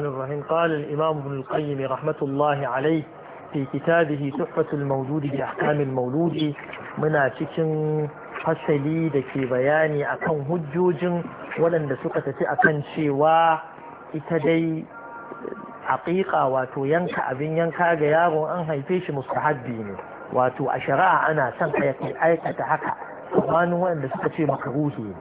الرحيم قال الإمام ابن القيم رحمة الله عليه في كتابه تحفة المولود بأحكام المولود منا cikin fasali da ke bayani akan hujjojin waɗanda suka tafi akan cewa ita dai haƙiƙa wato yanka abin yanka ga yaron an haife shi mustahabbi ne wato a ana son aikata haka sabanin waɗanda suka ce makaruhi ne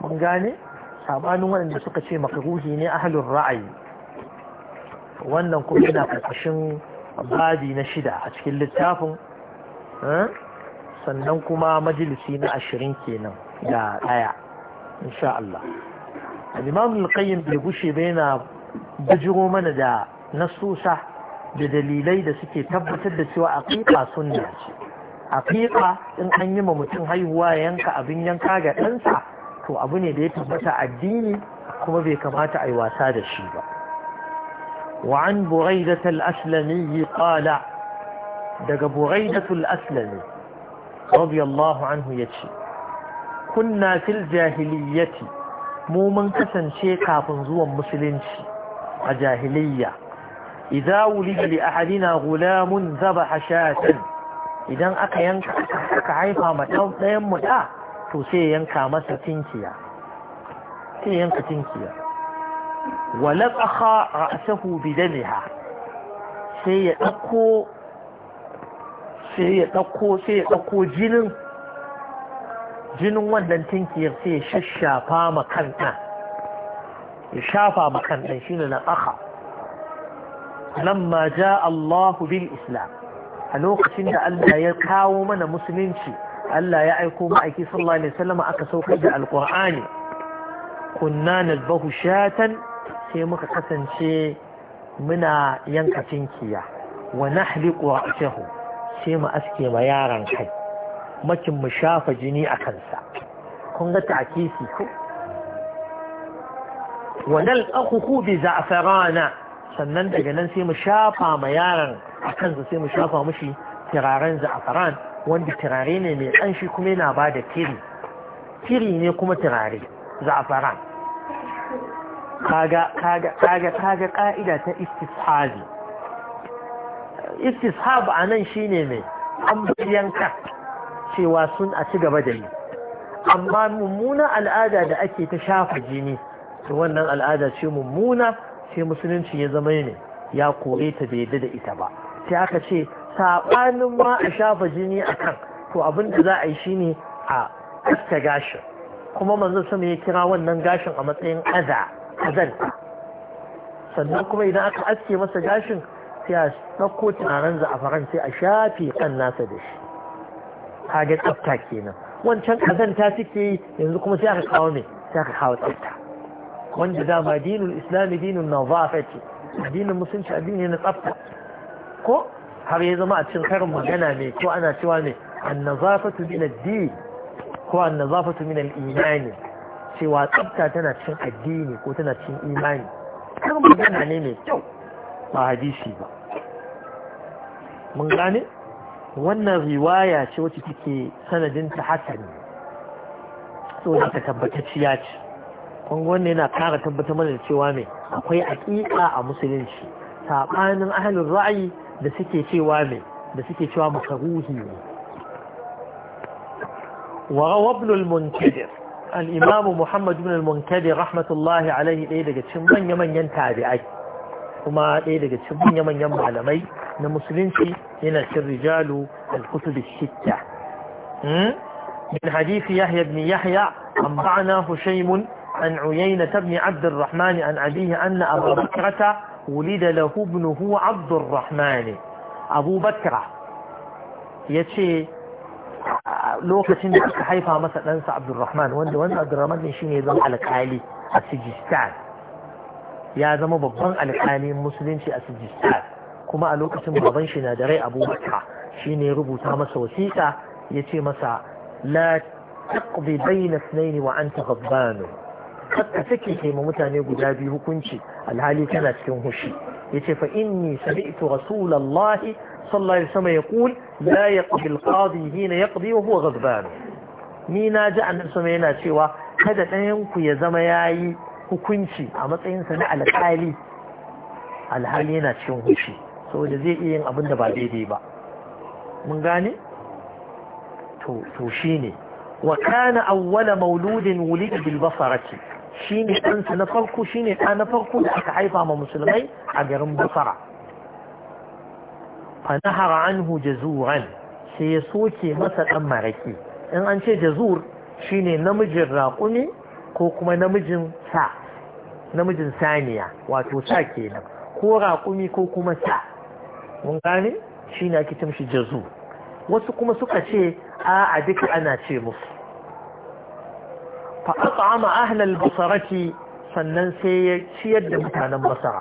mun gane ne ahalin ra'ayi wannan kuma yana ƙarƙashin babi na shida a cikin littafin eh? sannan kuma majalisi na ashirin kenan da ɗaya insha Allah al-imam al bai gushe bai na bijiro mana da nasusa da dalilai da suke tabbatar da cewa aqiqa sunna ce aqiqa in an yi ma mutum haihuwa yanka abin yanka ga ɗansa to abu ne da ya tabbata addini kuma bai kamata a yi wasa da shi ba وعن بريدة الأسلمي قال دق بريدة الأسلمي رضي الله عنه يتشي كنا في الجاهلية مو من كسن شيء كافن زوا مسلنش أجاهلية إذا ولد لأحدنا غلام ذبح شاة إذا أكا ينكا أكا عيفا متو لا يمتا تو سي ينكا مسا تنكيا سي ينكا تنكيا wa latsakha ra'sahu bidamiha sai ya sai ya ɗauko sai ya ɗauko jinin jinin wannan tinkiyar sai ya shashafa ma kan ya shafa ma kan ɗan na na tsaka lamma ja Allahu bil Islam a lokacin da Allah ya kawo mana musulunci Allah ya aiko ma'aiki sallallahu alaihi wasallam aka saukar da alqur'ani kunna nadbahu shatan sai muka kasance muna yanka cinkiya wa a shehu sai mu aske ma yaran kai makin mu shafa jini a kansa kun ga ta'kisi ko wa akuku bi za'farana sannan daga nan sai mu shafa ma yaran a kansa sai mu shafa mushi turaren za'faran wanda tirare ne mai ƙanshi kuma yana ba da tiri tiri ne kuma turare faran kaga kaga ka'ida ta istishabi istishab a nan shine mai an ka cewa sun a ci gaba da ni. amma mummuna al'ada da ake ta shafa jini to wannan al'ada ce mummuna sai musulunci ya zama ne ya kore ta bai yadda da ita ba sai aka ce saɓanin ma a shafa jini a kan to abin da za a yi shi ne a kasta gashin kuma manzo sama ya kira wannan gashin a matsayin aza ƙazanta sannan kuma idan aka aske masa gashin sai a ɗauko turaren a sai a shafi kan nasa da shi kage tsafta kenan wancan kazan ta suke yanzu kuma sai aka kawo mai sai aka kawo tsafta wanda dama dinin islami na nazafa ce addinin musulunci addini na tsafta ko har ya zama a cikin karin magana ne ko ana cewa ne annazafatu min ad-din ko annazafatu min al-imani cewa tsabta tana cikin addini ko tana cikin imani kan magana ne mai kyau ba hadisi ba mun gane wannan riwaya ce wacce take ta hasani so da ta tabbatacciya ce kun ne yana kara tabbatar mana da cewa mai akwai aƙiƙa a musulunci saɓanin ahalin ra'ayi da suke cewa mai da suke cewa makaruhi ne wa munkidir al'imamu muhammadu bin al-munkadi rahmatullahi alaihi ɗaya daga cikin manya-manyan tabi'ai kuma ɗaya daga cikin manya-manyan malamai na musulunci yana cin rijalu al-kutub shitta min hadisi yahya bin yahya an ba'ana hushaimun an uyaynata ibn abd arrahman an abihi anna abu bakrata wulida lahu ibnuhu abd arrahman abu bakra ce. lokacin da aka haifa masa ɗansa abdurrahman wanda wanda abdurrahman ne shine zama alƙali a sijistan ya zama babban alƙalin musulunci a sijistan kuma a lokacin baban shi na da rai abubakar shine rubuta masa wasiƙa ya ce masa la taqdi bayna ithnayn wa anta ghadban ka take ke ma mutane guda biyu hukunci alhali tana cikin hushi yace fa inni sami'tu rasulullahi صلى الله عليه وسلم يقول لا يقضي القاضي حين يقضي وهو غضبان ni na ji annabi sama yana cewa kada ɗayan ya zama yayi hukunci a matsayinsa na alƙali alhali yana cikin hushi saboda zai iya yin abin da ba daidai ba mun gane to to shine wa kana awwala mauludin wulida bil basarati shine ɗansa na farko shine ɗa na farko da aka haifa ma musulmai a garin basara fanahara anhu jazuran sai ya soke masa ɗan maraki in an ce jazur shine namijin raƙumi ko kuma namijin saniya wato sa kenan ko raƙumi ko kuma sa mun gane shine ake cin shi jazu wasu kuma suka ce a'a a duka ana ce musu fa aṭ'ama ahlal basarati sannan sai ya ciyar da mutanen masara.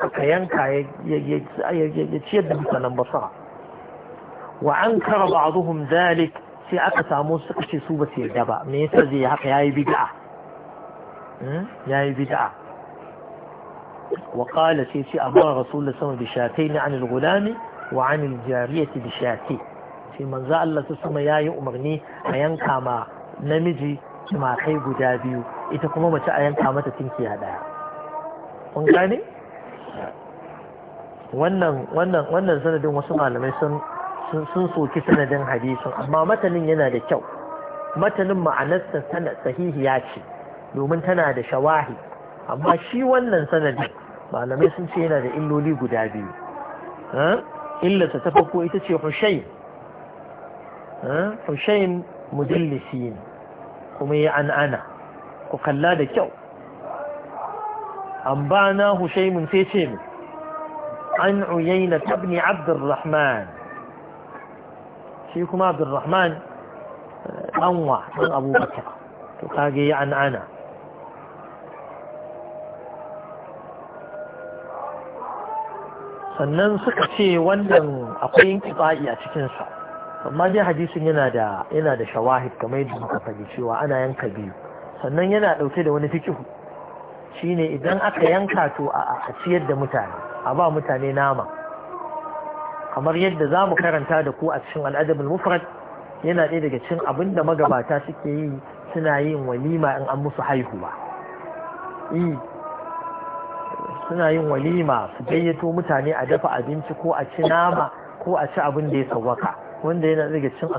aka yanka ya ciyar da mutanen basara wa an kara ba'aduhum zalik sai aka samu suka ce su ba su yarda ba me yasa zai haka yayi bid'a yayi bid'a wa qala sai sai abu rasul sama bi shatayn an al-gulami wa an al-jariyati bi shati sai manzo Allah ta sama yayi umarni a yanka ma namiji kai guda biyu ita kuma mace a yanka mata tinkiya daya kun gane wannan sanadin wasu malamai sun soki sanadin hadisin amma matanin yana da kyau matanin ma'anarsa ya ce domin tana da shawahi amma shi wannan sanadin malamai sun ce yana da illoli guda biyu illarsa ta farko ita ce hushain hushain mudallisi ne kuma ya ana-ana, ku kalla da kyau an ba na hushain sai ce mu عن عيينة بن عبد الرحمن فيكم عبد الرحمن أنوع من أبو بكر تقاقي عن أنا sannan suka ce wannan akwai yin kitsa'i a cikinsa amma dai hadisin yana da yana da shawahid kamar yadda muka faɗi cewa ana yanka biyu sannan yana ɗauke da wani fikihu shine idan aka yanka to a ciyar da mutane a ba mutane nama kamar yadda za mu karanta da ku a cikin al'adabin mufrad yana ɗaya daga cin abin da magabata suke yi suna yin walima in an musu haihuwa e, suna yin walima su gayyato mutane a dafa abinci ko a ci nama ko a ci abin da ya sawwaka wanda yana daga cin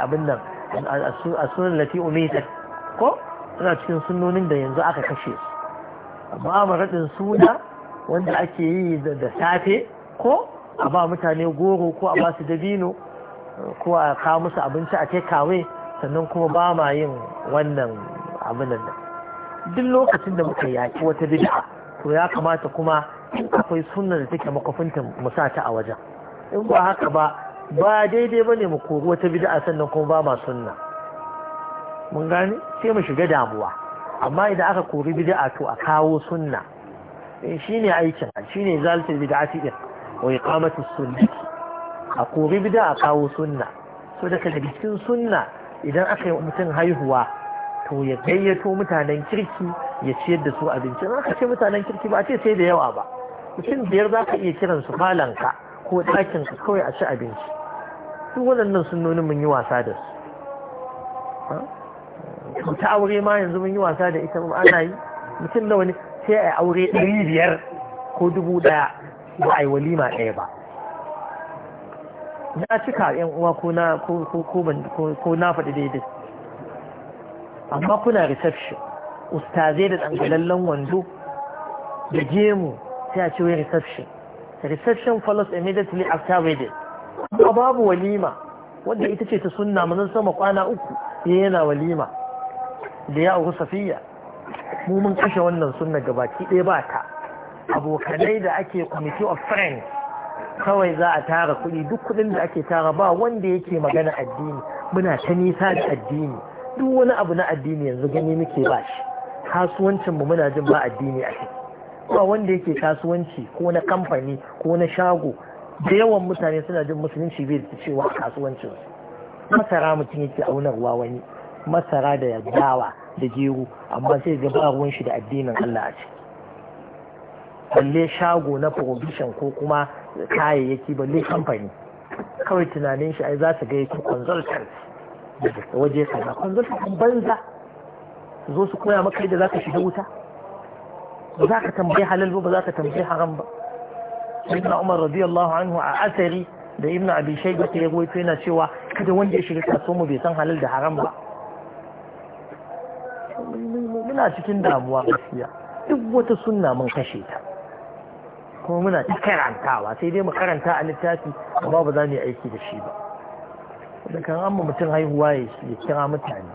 abin asunan lati umitat ko suna cikin sunnonin da yanzu aka kashe su mu raɗin suna wanda ake yi da safe ko a ba mutane goro ko a ba su dabino ko a kawo musu abinci a kai sannan kuma ba ma yin wannan abin nan duk lokacin da muka yaki wata bid'a to ya kamata kuma akwai sunna da take makwafinta mu sa ta a wajen in ba haka ba ba daidai bane mu kori wata bid'a sannan kuma ba ma sunna mun gane sai mu shiga damuwa amma idan aka kori bid'a to a kawo sunna in eh, shine aikin shine bid'a ti din wa iqamatu sunna a kori bid'a a kawo sunna so daga cikin sunna idan aka yi mutum haihuwa to ya gayyato mutanen kirki ya ciyar da su abinci in aka ce mutanen kirki ba a ce sai da yawa ba mutum biyar za ka iya kiran su falanka ko ɗakin ka kawai a ci abinci duk waɗannan sunnonin mun yi wasa da su ta aure ma yanzu mun yi wasa da ita ana yi mutum da wani sai a aure ɗari biyar ko dubu ɗaya ba a yi walima ɗaya ba na cika yan uwa ko na ko na faɗi daidai amma kuna reception ustazai da ɗangalallen wando da gemu sai a ce wai reception reception follows immediately after wedding babu walima wanda ita ce ta sunna manzon sama kwana uku eh, yana walima da ya auri safiya mu mun kashe wannan sunna gabaki ɗaya ba ta abokanai da ake committee of friends kawai za a tara kuɗi duk kuɗin da ake tara ba wanda yake magana addini muna ta nisa da addini duk wani abu na addini yanzu gani muke ba shi kasuwancin mu muna jin ba addini a ciki ba wanda yake kasuwanci ko na kamfani ko na shago da yawan mutane suna jin musulunci bai da cewa kasuwancin masara mutum yake aunarwa wani masara da dawa da jeru, amma sai ga ba ruwan shi da addinin Allah a ciki balle shago na provision ko kuma kayayyaki balle kamfani kawai tunanin shi ai za su yake consultant Da waje na consultant banza su zo su koya maka yadda za ka shiga wuta ba za ka tambayi halal ba ba za ka tambayi haram ba sayyidina umar radiyallahu anhu a asari da ibnu abi shaybah ya goyi yana cewa kada wanda ya shiga kasuwa mu bai san halal da haram ba muna cikin damuwa gaskiya duk wata sunna mun kashe ta kuma muna ta karantawa sai dai mu karanta a littafi amma ba za mu yi aiki da shi ba da kan amma mutum haihuwa ya kira mutane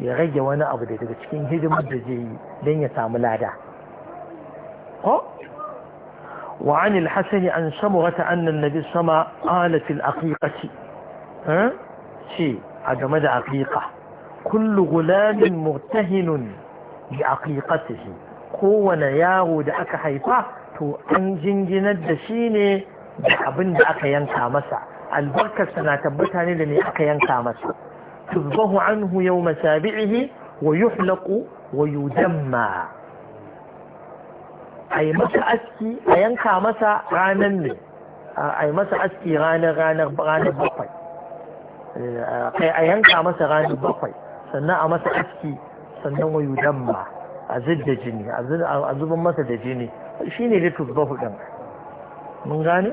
ya rage wani abu da daga cikin hidimar da zai yi don ya samu lada ko وعن الحسن annan na bi sama صلى قال ce a game da aqiqa kullu gulamin مرتهن bi aqiqatihi kowane yaro da aka haifa to an jinginar da shi ne da abin da aka yanka masa albarkarsa na tabbata ne da ne aka yanka masa turbahu anhu yawma sabi'ihi wa yuhlaqu wa yudamma masa aski a yanka masa ranar ne masa aski ranar ranar ranar bakwai eh, a yanka masa ranar bakwai sannan a masa aski sannan wayu damma a zidda jini a zuban masa da jini shi ne litus bahu ɗin mun gane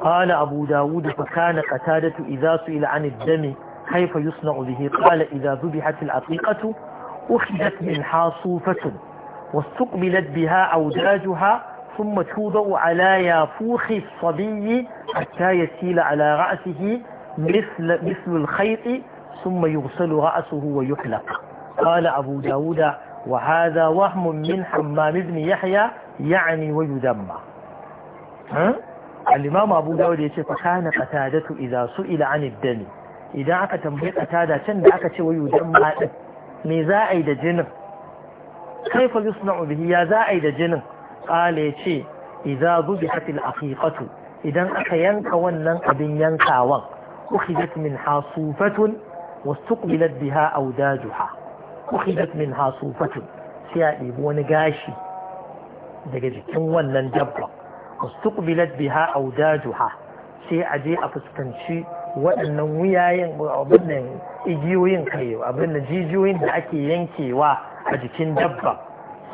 قال أبو داود فكان قتادة إذا سئل عن الدم كيف يصنع به قال إذا ذبحت العقيقة أخذت منها صوفة واستقبلت بها أوداجها ثم توضع على يافوخ الصبي حتى يسيل على رأسه مثل, مثل الخيط ثم يغسل رأسه ويحلق قال أبو داود وهذا وهم من حمام بن يحيى يعني ويدمى الإمام أبو داود يقول فكان قتادة إذا سئل عن الدم إذا أكا تنبيه قتادة كان أكا ويدمى مزاعي دجنه كيف يصنع به يا زاعي دجنه قال يقول إذا ذبحت الأخيقة إذا أكا ينكا ونن أبن ينكا وان أخذت منها صوفة واستقبلت بها أوداجها أخذت منها صوفة سيائب ونقاشي دقيقة كنوانا جبرة واستقبلت بها أوداجها سيأجي أفستنشي waɗannan wuyayen abinnan igiyoyin kai abinnan jijiyoyin da ake yankewa a jikin dabba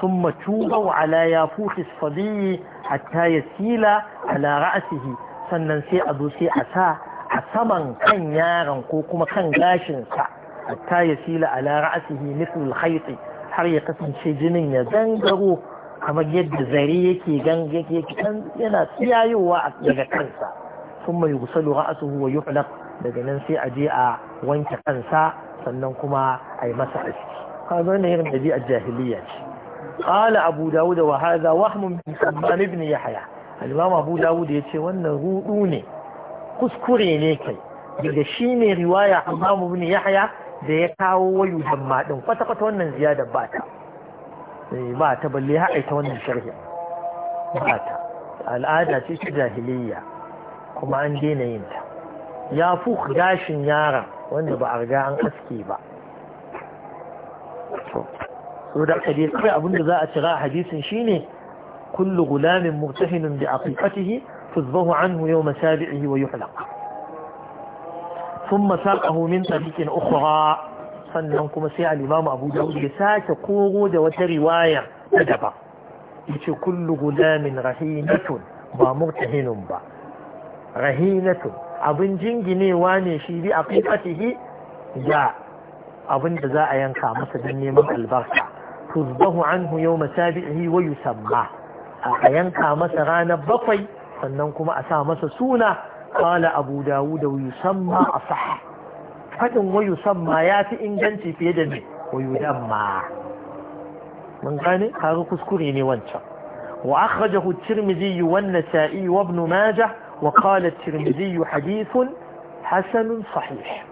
sun matuba wa ala ya fuhi sadiyi hatta ya sila ala ra'asihi sannan sai a zo sai a sa a saman kan yaron ko kuma kan gashinsa hatta ya sila ala ra'asihi mithlul khayt har ya kasance jinin ya zangaro kamar yadda zare yake gan yake yana tsiyayowa daga kansa thumma yughsalu ra'suhu wa yuhlaq daga nan sai a je a wanke kansa sannan kuma a yi masa aski kaga wannan irin dabi'ar jahiliya ce قال أبو داود وهذا وهم من سلمان al يحيى الإمام أبو داود wannan وأنه ne. kuskure ne kai daga shi ne riwaya amma mu ne yahya da ya kawo wayu damma din kwata kwata wannan ziyada ba ta eh, ba ta balle har aita wannan sharhi ba ta al'ada ce ta jahiliyya kuma an daina yin ta ya fu gashin yara wanda ba a riga an aske ba so da ka dai kawai za a cira a hadisin shine kullu gulamin murtahinun bi aqiqatihi فيفضه عنه يوم سابعه ويحلق ثم ساقه من طريق أخرى sannan kuma sai al'imamu abu Abuja. ya sake koro da wata riwaya ta daba yace kullu gulamin rahinatun ba murtahinun ba rahinatun abin jinginewa ne shi bi a kifatihi da abin za a yanka masa don neman albarka tuzbahu anhu yau masabihi wa yusamma a yanka masa ranar bakwai sannan kuma a sa masa suna kala abu dawud wa yusamma asah fadin wa yusamma ya fi inganci fiye da ne wa yudamma mun gane kaga kuskure ne wancan wa akhrajahu at-tirmidhi wa an-nasa'i wa ibn majah wa qala at-tirmidhi hadithun hasanun sahih wa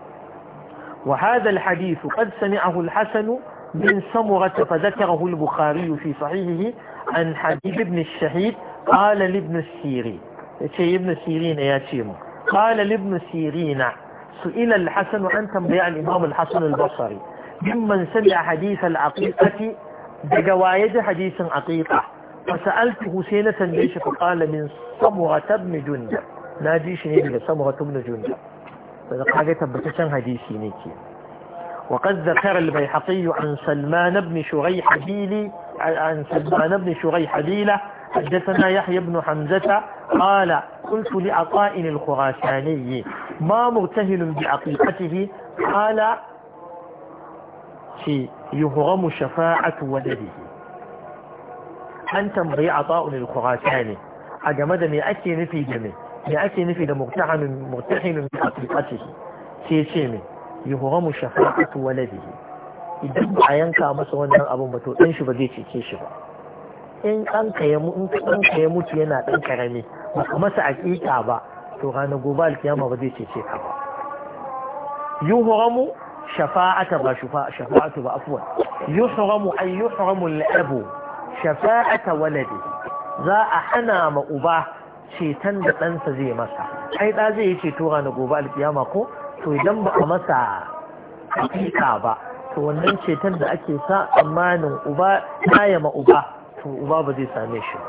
وهذا الحديث قد سمعه الحسن من سمرة فذكره البخاري في صحيحه عن حبيب بن shahid قال لابن السيرين شيء ابن السيرين تيمو قال لابن السيرين سئل الحسن وأنتم تنبيع الإمام الحسن البصري ممن سمع حديث العقيقة بجوايد حديث عقيقة فسألته سينة ليش فقال من صمغة بن جندب ناجيش نيجي صمغة بن جندة فقال تبتشن حديثي نيكي وقد ذكر البيحقي عن سلمان بن شريح حبيلي عن سلمان بن شريح حبيله حدثنا يحيى بن حمزة قال قلت لعطاء الخراساني ما مرتهن بعقيقته قال في يهرم شفاعة ولده أنت تنبي عطاء الخراساني أجمد ما أكي نفي جميع ما نفي لمرتهن مرتهن بعقيقته شيء يهرم شفاعة ولده idan ba a yanka masa wannan abin ba to ɗan in ɗanka ya ɗanka ya mutu yana ɗan karami baka masa aƙiƙa ba to ranar gobe alkiyama ba zai cece ka ba yuhramu shafa'ata ba shafa'atu ba afwan yuhramu an yuhramu al'abu shafa'ata waladi za a hana ma uba ceton da ɗansa zai masa ai da zai yi ceto ranar gobe alkiyama ko to idan ba a masa aƙiƙa ba to wannan ceton da ake sa tsammanin uba ya ma uba to uba ba zai same shi ba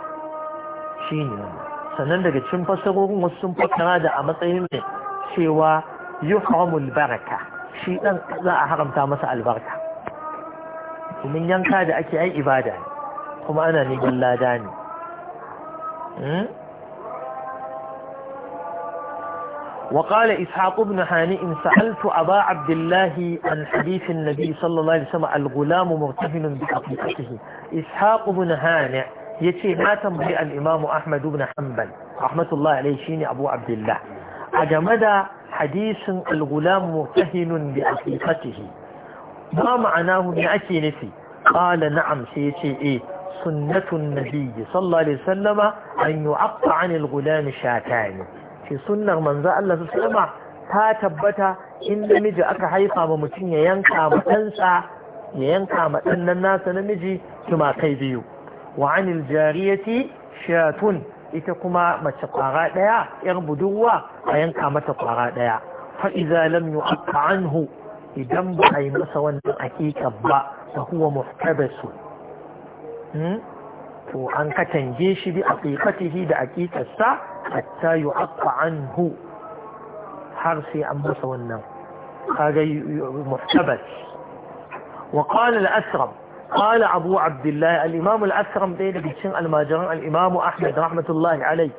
shi ne sannan daga cikin fassarorin wasu sun fassara da a matsayin ne cewa yuhramul baraka shi dan za a haramta masa albarka domin yanka da ake yi ibada ne kuma ana neman lada ne hmm? وقال إسحاق بن هانئ سألت أبا عبد الله عن حديث النبي صلى الله عليه وسلم الغلام مرتهن بحقيقته إسحاق بن هانئ يتي ما تنبئ الإمام أحمد بن حنبل رحمة الله عليه شيني أبو عبد الله أجمد حديث الغلام مرتهن بحقيقته ما معناه من أكي نفي قال نعم سيتي إيه سنة النبي صلى الله عليه وسلم أن يعق عن الغلام شاتان ce sunnar manzo Allah su ta tabbata in namiji aka haifa ma mutum ya yanka ma ɗansa ya yanka ma ɗannan nasa namiji tumakai biyu wa anil jariyati shatun ita kuma mace kwara ɗaya yar budurwa a yanka mata kwara ɗaya fa iza lam yu'affa anhu idan ba a yi masa wannan hakika ba fa huwa muhtabasu hmm? to an katange shi bi aqiqatihi da aqiqarsa hatta yu'aqqa anhu har sai an masa wannan kaga muhtabas wa qala al-asram qala abu abdullah al-imam al-asram dai daga cikin almajiran al-imam ahmad rahmatullahi alayhi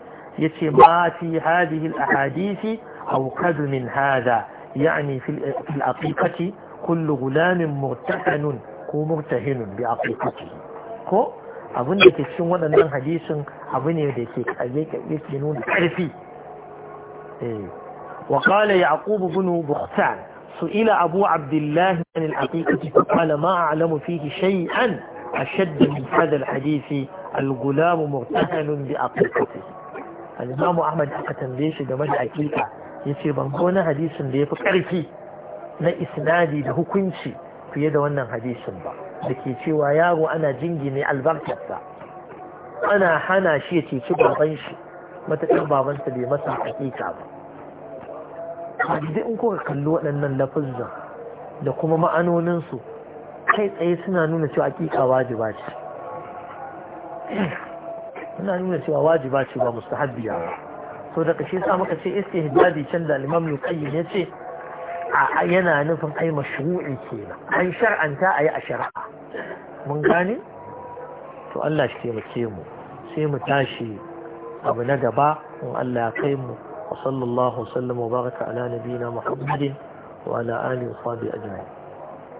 yace ma fi hadhihi al-ahadith aw qad min hadha يعني في العقيقة كل غلام مرتهن كو مرتهن بعقيقته كو abin da ke cikin waɗannan hadisin abu ne da ke kage nuna ƙarfi eh. wa qala yaqub bin bukhtan su'ila abu abdullah an al-aqiqah fa qala ma a'lamu fihi shay'an ashadd min hadha al-hadith al-gulam murtahan bi aqiqatihi al-imam ahmad aka tambaye shi game da aqiqa yace ban ko na hadisin da yafi ƙarfi na isnadi da hukunci fiye da wannan hadisin ba da ke cewa yaro ana jingine albarkarsa ana hana shi ya ceci baban shi matakan babansa bai masa hakika ba hadisi in kuka kalli waɗannan lafazzan da kuma ma'anoninsu kai tsaye suna nuna cewa hakika wajiba ce suna nuna cewa wajiba ce ba mustahabbiya ba so da kashe sa maka ce istihdabi can da al-imam ya ce A'a yana nufin ai mashru'i kenan an shar'anta ayi a shari'a mun gane to Allah shi taimake mu sai mu tashi abu na gaba in Allah ya kai mu wa sallallahu wa baraka ala nabiyina muhammadin wa ala alihi wa sahbihi ajma'in